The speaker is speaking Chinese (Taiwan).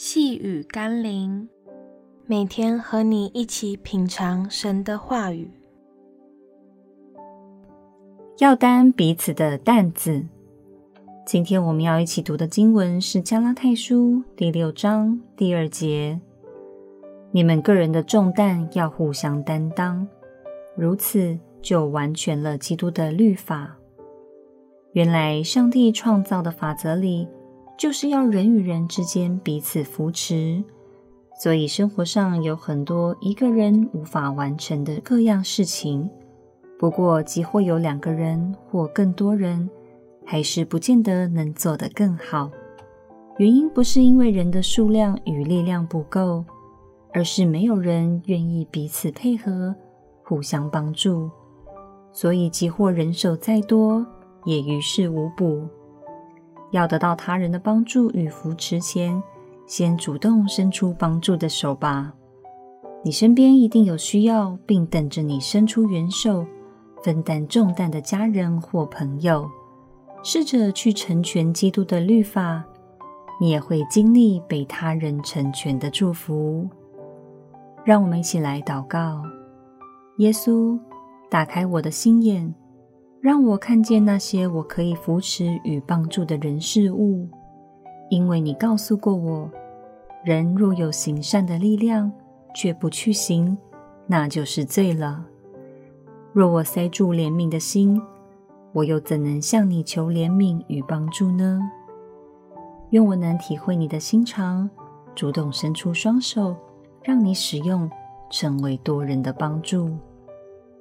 細語甘霖，每天和你一起品嘗神的話語，要擔彼此的擔子。今天我們要一起讀的經文是《加拉太書》第六章第二節：“你們個人的重擔要互相擔當，如此就完全了基督的律法。”原來上帝創造的法則裡，就是要人與人之間彼此扶持，所以生活上有很多一個人無法完成的各樣事情。不過，即或有兩個人或更多人，還是不見得能做得更好。原因不是因為人的數量與力量不夠，而是沒有人願意彼此配合、互相幫助，所以即或人手再多，也於事無補。要得到他人的幫助與扶持前，先主動伸出幫助的手吧！你身邊一定有需要並等着你伸出援手、分擔重擔的家人或朋友。試着去成全基督的律法，你也會經歷被他人成全的祝福。讓我們一起來禱告：耶穌，打開我的心眼。讓我看見那些我可以扶持與幫助的人事物，因為你告訴過我，人若有行善的力量卻不去行，那就是罪了。若我塞住憐憫的心，我又怎能向你求憐憫與幫助呢？願我能體會你的心腸，主動伸出雙手，讓你使用，成為多人的幫助。